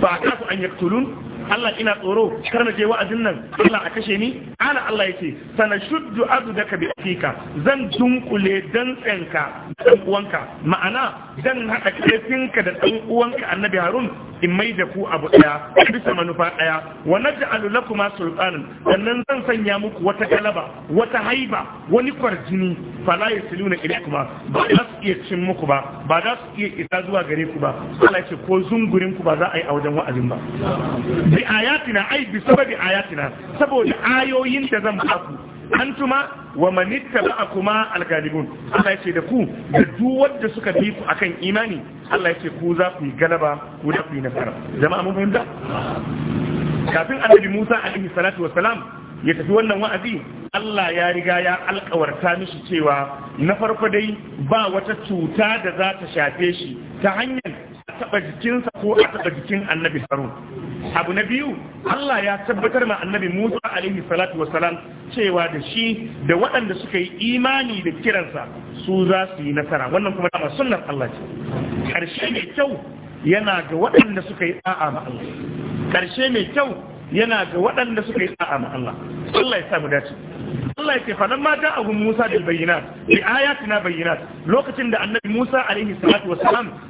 ba ka an yaktulun Allah ina tsoro kar na je wa'azin nan Allah a kashe ni ala Allah yace sana shuddu azudaka bi afika zan dunkule dantsenka dan uwanka ma'ana zan hada kefinka da dan uwanka annabi Harun in mai da ku abu daya bisa manufa daya wa naj'alu lakuma sultanan sannan zan sanya muku wata kalaba, wata haiba wani kwarjini fala yasiluna ilaykuma ba za su iya cin muku ba ba za su iya isa zuwa gare ku ba Allah ce ko zungurin ku ba za a yi a wajen wa'azin ba bi ayatina ai bi ayatina saboda ayoyin da zan ba ku antuma wa manitta ba kuma algalibun Allah ya ce da ku da duk wanda suka bi ku akan imani Allah ya ce ku za ku yi galaba ku za ku yi nasara jama'a mun fahimta kafin annabi Musa alaihi salatu salam. ya tafi wannan wa'azi Allah ya riga ya alkawarta mishi cewa na farko dai ba wata cuta da za ta shafe shi ta hanyar a taɓa jikinsa ko a taɓa jikin annabi sarun abu na biyu Allah ya tabbatar ma annabi Musa alaihi salatu wasalam cewa da shi da waɗanda suka yi imani da kiransa su za su yi nasara wannan kuma dama sunnar Allah ce ƙarshe mai kyau yana ga waɗanda suka yi ma Allah ƙarshe mai kyau yana ga waɗanda suka yi sa'a ma Allah Allah ya sa mu dace Allah ya ce fa lamma Musa bil bayyinat bi ayatina bayyinat lokacin da annabi Musa alaihi salatu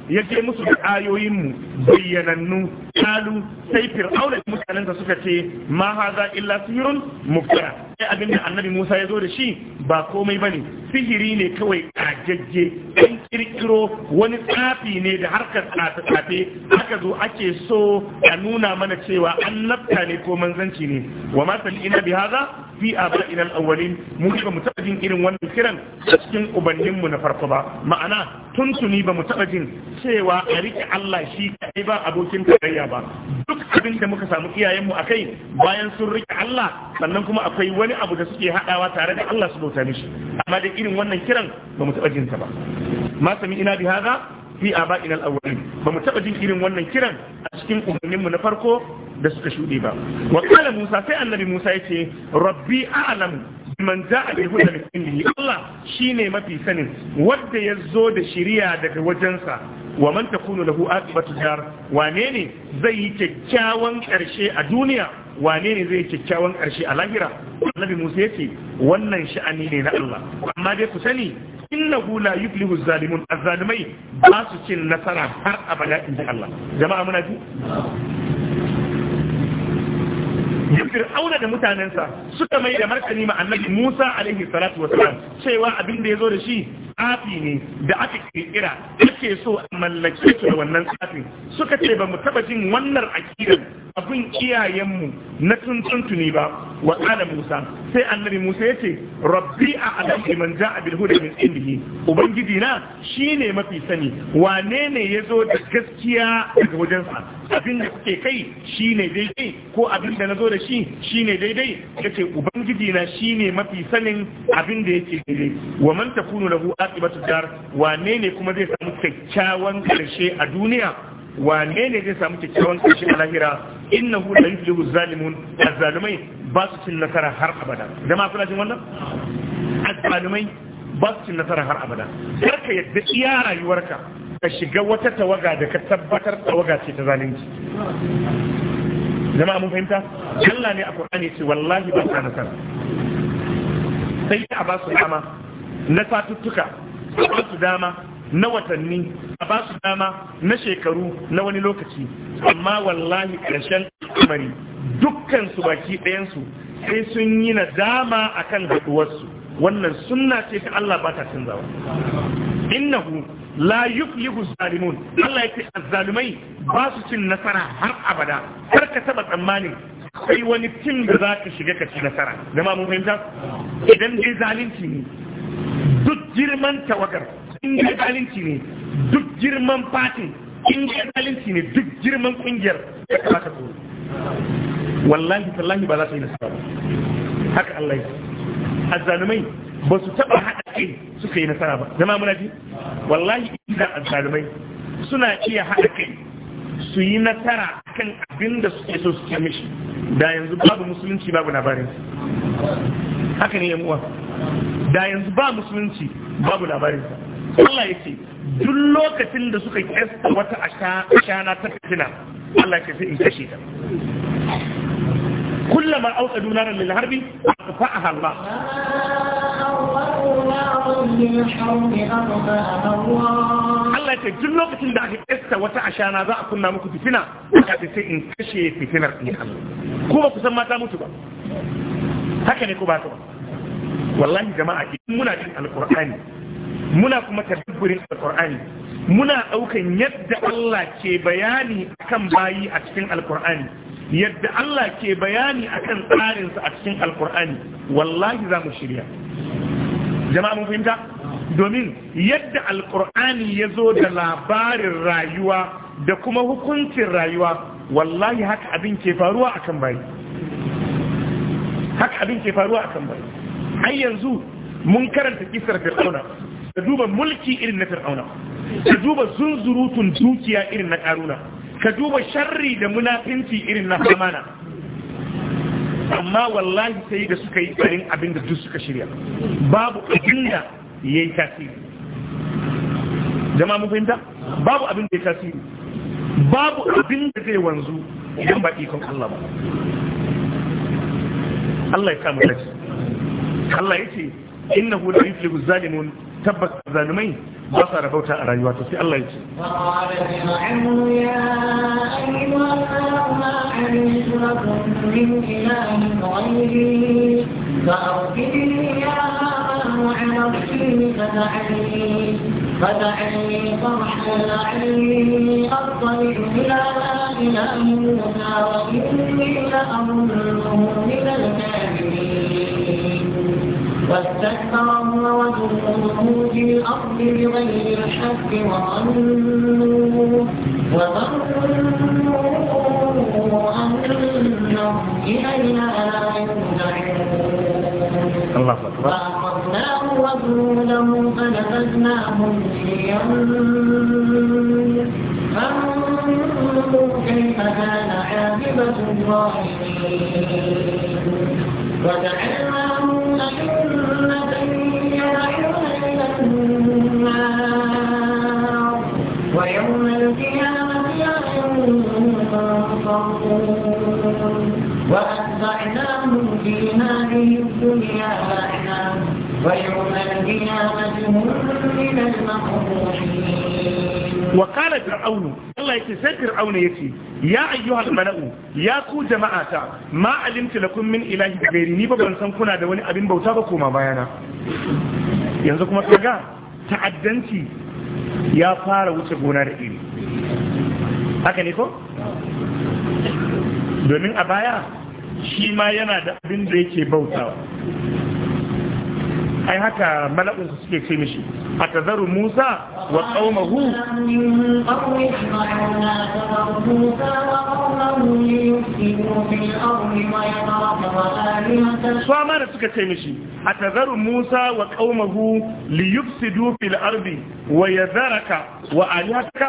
ya je musu da ayoyin mu bayyanannu kalu sai fir'auna da mutanen sa suka ce ma haza illa sihrun muftara sai abin da annabi Musa ya zo da shi ba komai bane sihiri ne kawai kajajje an kirkiro wani tsafi ne da harkar tsafe-tsafe aka zo ake so a nuna mana cewa annabta ne ko manzanci ne wa ma sami'ina bi haza fi aba'ina awwalin mu ba mu taɓa jin irin wannan kiran a cikin ubanninmu na farko ba ma'ana tuntuni ba mu taɓa jin cewa a rike Allah shi kai ba abokin tarayya ba duk abin da muka samu iyayenmu a kai bayan sun rike Allah sannan kuma akwai wani abu da suke haɗawa tare da Allah su bauta mishi amma da irin wannan kiran ba mu taɓa jin ta ba ma sami ina bi haza fi aba'ina al-awwalin ba mu taɓa jin irin wannan kiran a cikin mu na farko da suka shuɗe ba wa musa sai annabi musa yace rabbi alam man za'a bi huda min indihi Allah shine mafi sanin wanda ya zo da shirya daga wajensa wa man kunu lahu aqibatu dar wane ne zai yi kyakkyawan karshe a duniya wane ne zai yi kyakkyawan karshe a lahira annabi Musa yace wannan sha'ani ne na Allah amma dai ku sani innahu la yuflihu zalimun azzalimai ba su cin nasara har abada inda Allah jama'a muna ji da fir'auna da mutanensa suka mai da martani ma annabi Musa alaihi salatu wasalam cewa abin da yazo da shi tsafi ne da aka kirkira yake so a mallake su da wannan tsafin suka ce ba mu taba jin wannan akidar abin iyayenmu na tuntuntuni ba wa kana Musa sai annabi Musa yace rabbi a alamri man ja'a bil huda min indihi ubangiji na shine mafi sani wane ne yazo da gaskiya daga wajensa abin da kuke kai shine daidai ko abin da nazo da shi shine daidai yace ubangiji na shine mafi sanin abin da yake daidai wa man takunu lahu aqibatu wane ne kuma zai samu kyakkyawan karshe a duniya wane ne zai samu kyakkyawan karshe a lahira Inna innahu la yuflihu zalimun azzalumai ba su cin nasara har abada jama'a kuna jin wannan azzalumai ba su cin nasara har abada kar ka yadda iya rayuwarka ka shiga wata tawaga da ka tabbatar tawaga ce ta zalunci jama'a mun fahimta Allah ne a Qur'ani ce wallahi ba ta nasara sai a ba su dama na satuttuka a ba su dama na watanni a ba su dama na shekaru na wani lokaci amma wallahi ƙarshen kamari dukkan su baki ɗayansu sai sun yi na dama a kan haɗuwarsu wannan sunna ce ta Allah ba ta canzawa innahu la yuflihu zalimun Allah ya ce azzalumai ba su cin nasara har abada kar ka taba tsammanin akwai wani tim da za ka shiga ka ci nasara zama mun fahimta idan dai zalunci ne duk girman tawagar in ga zalunci ne duk girman fatin in ga zalunci ne duk girman kungiyar ya kamata ku wallahi tallahi ba za ta yi nasara haka Allah ya azzalumai ba su taba haɗa kai suka yi nasara ba zama muna ji wallahi idan azzalumai suna iya haɗa kai su yi nasara kan abin da suke so su mishi da yanzu babu musulunci babu labarin haka ne yan uwa da yanzu ba musulunci babu labarinsa Allah ya ce duk lokacin da suka kesta wata ashana ta fitina Allah ya ce in kashe ta kullama auqadu naran lil harbi fa'aha Allah Allah ce duk lokacin da aka kesta wata ashana za a kunna muku fitina aka ce in kashe fitinar ne Allah ko ba ku san mata mutu ba haka ne ko ba ta ba wallahi jama'a idan muna cin alkur'ani muna kuma tadabburin alkur'ani muna ɗaukan yadda Allah ke bayani akan bayi a cikin alkur'ani yadda Allah ke bayani akan tsarinsa a cikin alkur'ani wallahi za mu shirya jama'a mun fahimta domin yadda alkur'ani ya zo da labarin rayuwa da kuma hukuncin rayuwa wallahi haka abin ke faruwa akan bayi haka abin ke faruwa akan bayi ai yanzu mun karanta kisar fir'auna ka duba mulki irin na fir'auna ka duba zunzurutun dukiya irin na karuna ka duba sharri da munafinci irin na hamana amma wallahi sai da suka yi tsarin abin da duk suka shirya babu abin da ya yi tasiri jama'a mun fahimta babu abin da ya tasiri babu abin da zai wanzu idan ba ikon Allah ba Allah ya samu lafiya Allah ya ce innahu la yuflihu zalimun tabbas zalimai ba sa rabauta a rayuwa to sai Allah ya ce فدعني فرحا لعلي أطلع إلى إله موسى وإني لأظنه من الكاذبين واستكبر الله وجنوده في الأرض بغير الحق وظنوا وظنوا أنهم إلينا لا يرجعون فأخذناه وجنوده فنبذناهم في اليم فانظر كيف كان عاقبة الظالمين وجعلنا ويوم القيامة ينصرون وأتبعناهم في هذه الدنيا لعنة ويوم القيامة هم من المقبوحين وقال فرعون الله يتسى فرعون يتي يا أيها الملأ يا كو جماعة ما علمت لكم من إله غيري ني بابا san kuna da wani abin bauta ba koma bayana yanzu kuma kaga ta'addanci ya fara wuce gona da iri haka ne ko domin a baya shi ma yana da abin da yake bautawa ai haka mala'un su suke ce mishi a tazaru musa wa qaumahu su da suka ce mishi a tazaru musa wa qaumahu li yufsidu fil ardi wa yadharaka wa aliyaka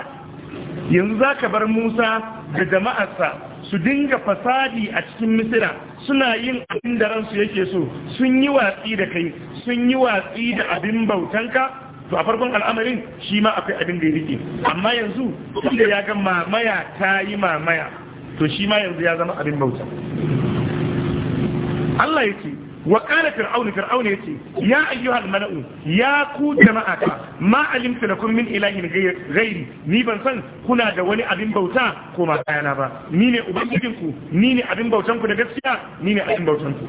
yanzu zaka bar musa da jama'arsa su dinga fasadi a cikin misira suna yin abin da ransu yake so sun yi watsi da kai sun yi watsi da abin bautanka to a farkon al'amarin shi ma akwai abin da ya rike amma yanzu inda ya ga mamaya ta yi mamaya to shi ma yanzu ya zama abin bauta Allah ya ce wa kana fir'auna fir'auna yace ya ayyuha al ya ku jama'ata ma alimtu lakum min ilahin ghairi ni ban san kuna da wani abin bauta ko ma ba ni ne ubangijin ku ni ne abin bautan ku gaskiya ni ne abin bautan ku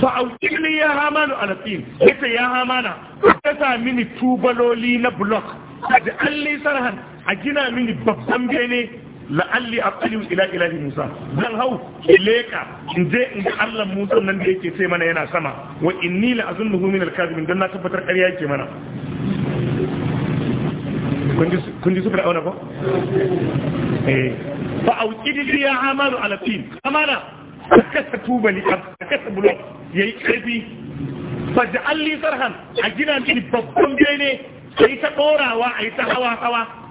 fa auqili ya hamalu ala tin yace ya hamana ka sa mini tubaloli na block da alli sarhan a gina mini babban bene. la'alli a aqlim ila ilahi musa zan hau leka. in je in ga Allah musa nan da yake sai mana yana sama wa inni la Nuhu min al-kadhibin dan na tabbatar ƙarya yake mana kun ji su fir'auna ko eh fa auqidi ya amalu ala tin amana kasa tubali kasa bulo yayi karfi fa ja'alli sarhan a gina mini babban bene sai ta a yi ta hawa hawa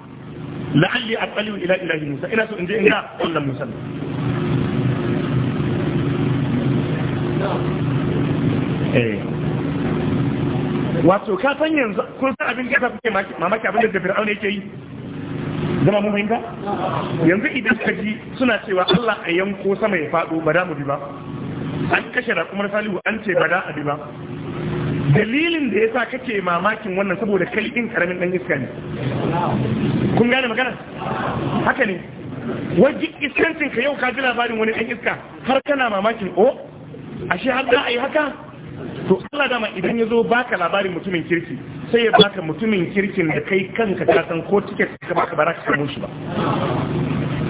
la'alli aqalu ila ilahi musa ina so in je in eh. wato ka san yanzu kun san abin da kuke mamaki abin da fir'auna yake yi zama mun fahimta yanzu idan ka ji suna cewa Allah a yanko sama ya fado ba da mu bi ba an kashe raƙumar salihu an ce ba da abi ba dalilin da ya yasa kake mamakin wannan saboda kai ɗin karamin dan iska ne kun gane magana haka ne wajen iskancin ka yau ka ji labarin wani dan iska har kana mamakin o oh, ashe har a yi haka to Allah dama idan ya zo baka labarin mutumin kirki sai ya baka mutumin kirkin da kai kanka ka san ko tiket ka baka baraka samu shi ba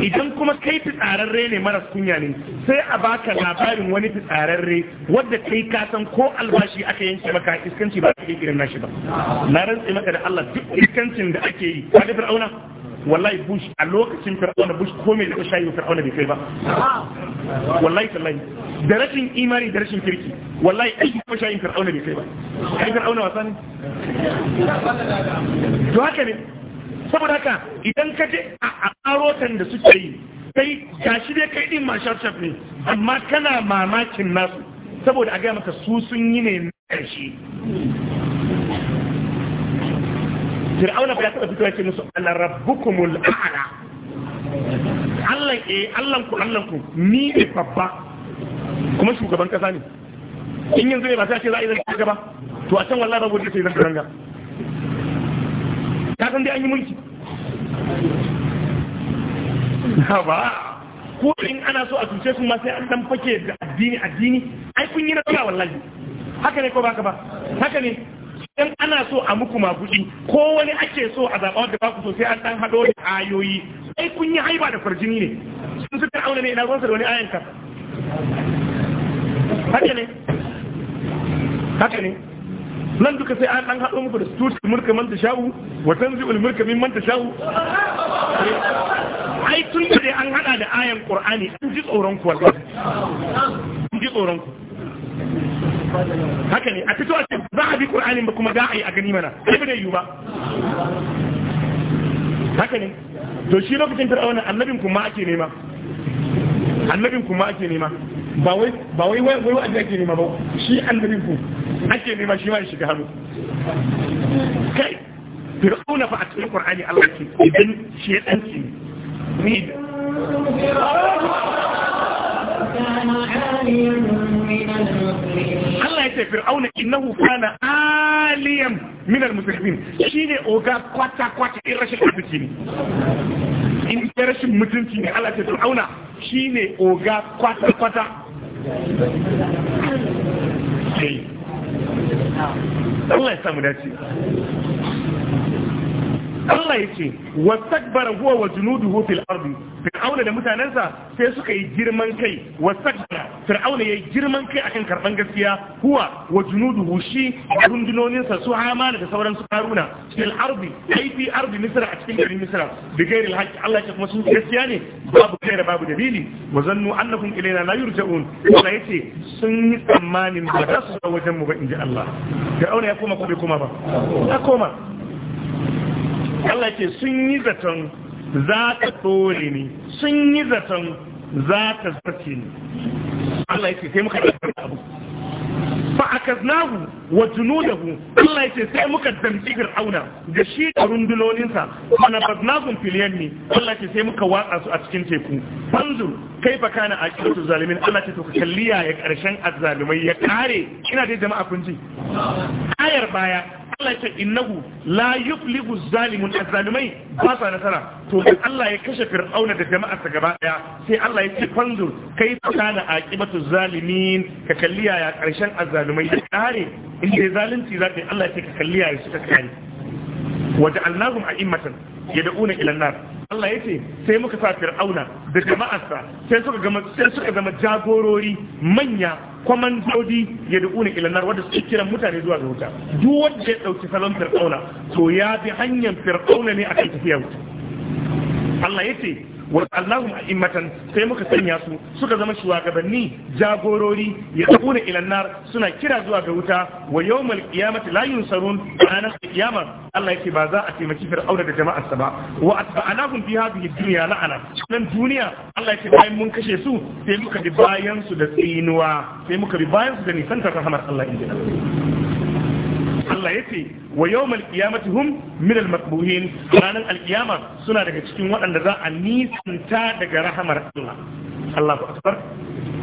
idan kuma kai fitsararre ne maras kunya ne sai a baka labarin wani fitsararre wadda kai ka san ko albashi aka yanke maka iskanci ba ka irin nashi ba na rantse maka da Allah duk iskancin da ake yi ka da fir'auna wallahi bush a lokacin fir'auna bush ko mai da shayi fir'auna bai kai ba wallahi tallahi da rashin imani da rashin kirki wallahi aiki ko shayin fir'auna bai kai ba kai fir'auna wasa ne to haka ne saboda haka idan ka je a arotan da suke yi ga shi dai kai din mashaf ne amma kana mamakin nasu saboda a gaya maka su sun yi ne na ƙarshe fir'auna ya taɓa fitowa ce musu ala a'ala a'la Allah eh Allah ku Allah ku ni ne babba kuma shugaban kasa ne in yanzu ne ba sai ce za a yi zan shugaba to a can wallahi babu da sai zan ganga ka san dai an yi mulki ba ko in ana so a cuce su ma sai an dan fake da addini addini ai kun yi na tsaya wallahi haka ne ko baka ba haka ne in ana so a muku ma magudi ko wani ake so a zaɓa wanda ba ku so sai an dan hado da ayoyi ai kun yi haiba da farjini ne sun suka auna ne ina ruwansa da wani ayanka haka ne haka ne Lan duka sai an haɗo muku da tuti mulka man ta sha'u wa tanzi'ul mulka min man ta sha'u ai tun da an hada da ayan qur'ani an ji tsoron ku wallahi an ji tsoron ku haka ne a fito a ce za a bi qur'ani ba kuma za a yi a gani mana sai ba da yiwu ba haka ne to shi lokacin fir'auna annabin kuma ake nema annabin kuma ake nema ba wai ba wai wai wai ake nema ba shi annabin kuma حكي اني ماشي ماشي كهرب كيف فرعون فعت في القرآن الله كي ابن شيء أنسي ميد الله يتي فرعون إنه كان عاليا من المسلمين شيء أوغا قواتا قواتا إرش الحبتيني إن إرش مدنتيني الله فرعون شيء أوغا قواتا قواتا 等我上不了去。Allah ya ce wastakbara huwa wa junuduhu fil ardi fir'auna da mutanensa sai suka yi girman kai wastakbara fir'auna yayi girman kai akan karban gaskiya huwa wa junuduhu shi rundunoninsa su hamana da sauran su karuna fil ardi ai ardi a cikin garin misra bi gairi al Allah ya kuma sun gaskiya ne babu kai babu dalili wa zannu annakum ilaina la yurja'un Allah ya ce sun yi tsammanin ba za su zo wajen mu ba ji Allah fir'auna ya koma ko bai koma ba ya koma Allah ce sun yi zaton za ta tsore ni sun yi zaton za ta zarce ni Allah ya ce sai muka ɗaukar abu Fa a fa'akaznahu wa junudahu Allah ya ce sai muka damci fir'auna da shi da runduloninsa mana baznahum fil yammi Allah ya ce sai muka watsa su a cikin teku fanzur kaifa kana akiratu zalimin Allah ya ce to ka kalliya ya karshen azzalumai ya kare ina da jama'a kun ji ayar baya Allah ya ce innahu la yuflihu zalimun azzalimai ba sa nasara to in Allah ya kashe fir'auna da jama'ar sa gaba daya sai Allah ya ce fanzur kai ta da aqibatu zalimin ka kalli ya karshen azzalumai da kare in dai zalunci zaka Allah ya ce ka kalli ya suka kare wa ja'alnahum a'immatan yad'una ila an-nar Allah ya ce sai muka sa fir'auna da jama'arsa sai suka gama jagorori manya kwamandodi ya da da'una ilanar wadda suke kiran mutane zuwa ga wuta duk wanda ya dauki salon fir'auna to ya bi hanyar fir'auna ne akan tafiya wuta Allah ya ce wa Allahum a'immatan sai muka sanya su suka zama shuwagabanni jagorori ya tsakuna ilan nar suna kira zuwa ga wuta wa yawmal qiyamati la yunsarun ranar kiyama Allah yake ba za a taimaki fir'auna da jama'ar sa ba wa atba'anahum fi hadhihi dunya la'ana nan duniya Allah yake bayan mun kashe su sai muka bi bayan su da tsinuwa sai muka bi bayan su da nisan ta rahmar Allah inda Allah ya ce wa yawmal qiyamati hum min al maqbuhin ranar alkiyama suna daga cikin waɗanda za a nisanta daga rahamar Allah Allahu akbar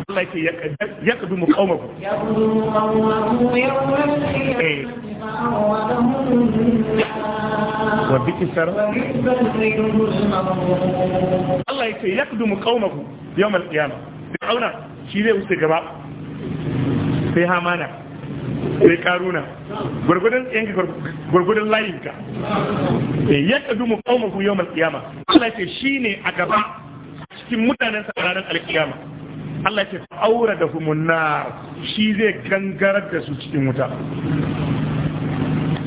Allah yake ya kadu mu kauma ku wa biki sar Allah yake ya kadu mu kauma ku yawmal qiyama Fir'auna shi zai wuce gaba sai Hamana sai karuna gurgudan yanka gurgudan layinka eh, ya kadu mu kauma ku yawmal qiyama Allah ya ce shi ne a gaba cikin mutanen sa ranar alkiyama Allah ya ce aura da humunna shi zai gangara da su cikin wuta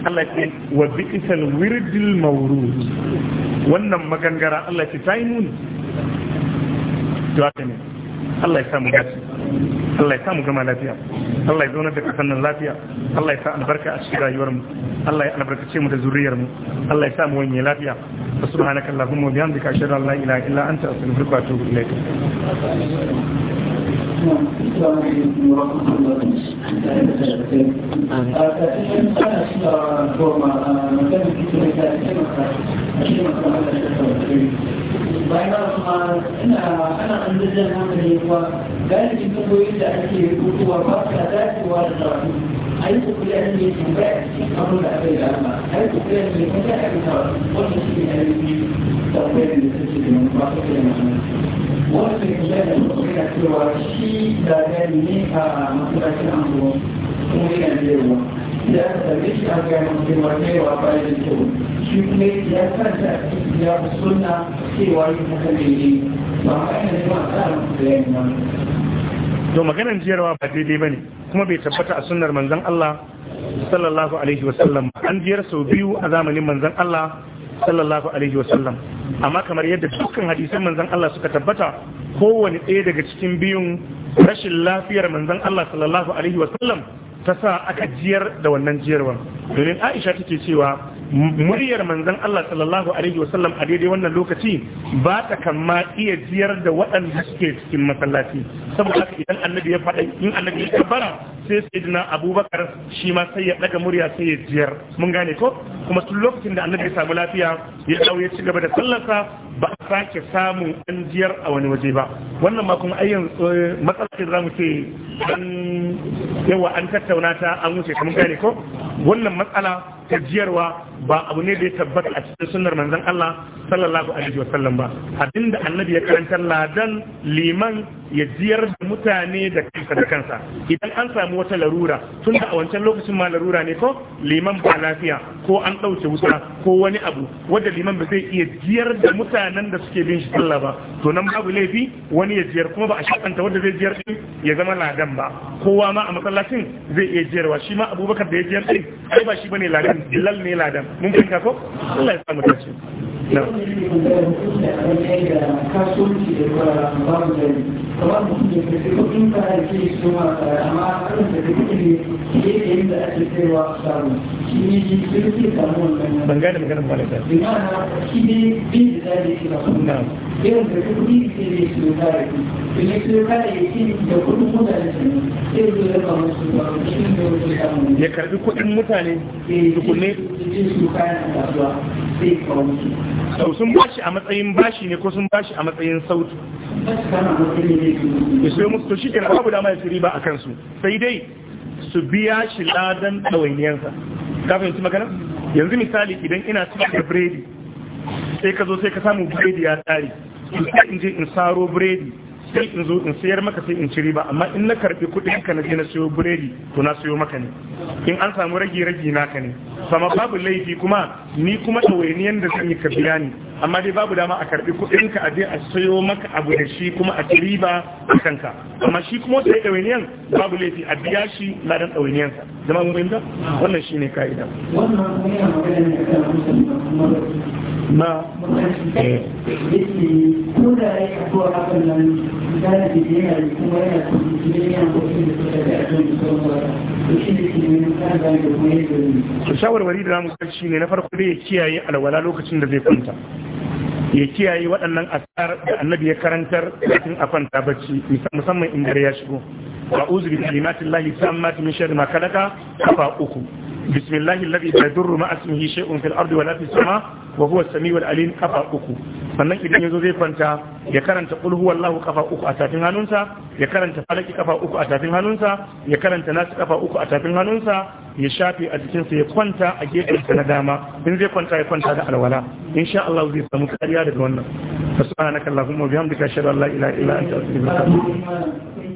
Allah ya ce wa bi'sal wirdil mawrud wannan magangara Allah ya ce ta muni to haka ne Allah ya samu gasi الله يسامو كما لافيا الله يزونا بك حسن لافيا الله يسامو بركة أشكرا يورم الله يسامو بركة شيمو تزوري يورم الله يسامو ويني لافيا فسبحانك اللهم وبيامدك أشهد أن لا إله إلا أنت أستغفرك وأتوب إليك Thank you. bayan kuma ina ana an zazzan hankali kuwa galibin tambayoyin da ake rubutuwa ba su dacewa da sarari a yi kokuri a cikin tambaya cikin abin da aka yi da Allah a yi kokuri a cikin tambaya a cikin sarari wannan shi ne a yi biyu da koyar da suke da mun ba su kai mana wannan shi ne da kuma yana cewa shi da gani ne a masarautar anguwa kuma yana da yawa ya sami shi wa ba da shi kuma ya kanta ya suna cewa yin haka ne ne ba ma yana zuwa ta musulmi ba to maganar jiyarwa ba daidai ba ne kuma bai tabbata a sunnar manzon Allah sallallahu alaihi wasallam an jiyar sau biyu a zamanin manzon Allah sallallahu alaihi wasallam amma kamar yadda dukkan hadisin manzon Allah suka tabbata kowanne ɗaya daga cikin biyun rashin lafiyar manzon Allah sallallahu alaihi wasallam ta sa aka jiyar da wannan jiyarwar domin aisha take cewa muryar manzon Allah sallallahu alaihi sallam a daidai wannan lokaci ba ta kama iya jiyar da waɗanda suke cikin masallaci saboda haka idan annabi ya faɗa in annabi ya kabbara sai sayyidina abubakar shi ma sai ya daga murya sai ya jiyar mun gane ko kuma tun lokacin da annabi ya samu lafiya ya dawo ya ci gaba da sallarsa ba a sake samun an jiyar a wani waje ba wannan ma kuma ayyan eh, matsalar da zamu ce yawa an tattauna ta an wuce mun gane ko wannan matsala ta jiyarwa ba abu ne da ya tabbata a cikin sunnar manzon Allah sallallahu alaihi wasallam ba abinda annabi ya karanta ladan liman ya jiyar da mutane da kansa da kansa idan an samu wata larura tun da a wancan lokacin ma larura ne ko liman ba lafiya ko an ɗauke wuta ko wani abu wanda liman ba zai iya jiyar da mutanen da suke bin shi sallah ba to nan babu laifi wani ya jiyar kuma ba a shakanta wanda zai jiyar ya zama ladan ba kowa ma a masallacin zai iya jiyarwa shi ma abubakar da ya jiyar ai ba shi ne ladan lal ne ladan mun fahimta ko Allah ya samu dace ban gane maganar malaka irin da kuɗi ke ne su kare ku ne su kare yake da kuɗin mutane su ne sai da kamar su ba shi ne wani samu ya karbi kuɗin mutane tukunne su eh, kare kasuwa sai kawo su to sun bashi a matsayin bashi ne ko sun bashi a matsayin sautu su yi musu to shi kenan babu dama ya riba a kansu sai dai su biya shi ladan ɗawainiyansa kafin ci magana yanzu misali idan ina ci da biredi sai ka zo sai ka samu biredi ya tsari sai in je in saro biredi sai in zo in sayar maka sai in ci riba amma in na karbi kuɗin ka na je na sayo buredi to na sayo maka ne in an samu ragi rage naka ne sama babu laifi kuma ni kuma ɗawainiyar da zan yi ka biya ni amma dai babu dama a karbi kudin ka je a sayo maka abu da shi kuma a ci riba a kanka amma shi kuma sai ɗawainiyan babu laifi a biya shi na dan ɗawainiyan sa zama mun fahimta wannan shine ka'ida na shawarwari da namu kan shi ne na farko dai ya kiyaye alwala lokacin da zai kwanta ya kiyaye waɗannan asar da annabi ya karantar kafin a kwanta bacci musamman in dare ya shigo a'udhu bi kalimatillahi tammati min shari'a ma kalaka kafa uku بسم الله الذي لا يضر مع اسمه شيء في الارض ولا في السماء وهو السميع العليم kafa uku sannan idan yazo zai kwanta ya karanta qul huwallahu kafa uku a tafin hannunsa ya karanta falaki kafa uku a tafin hannunsa ya karanta nasu kafa uku a tafin hannunsa ya shafi a jikinsa ya kwanta a gefen gefensa na dama in zai kwanta ya kwanta da alwala insha Allah zai samu kariya daga wannan subhanakallahumma wa bihamdika ashhadu an la ilaha illa anta astaghfiruka wa atubu ilaik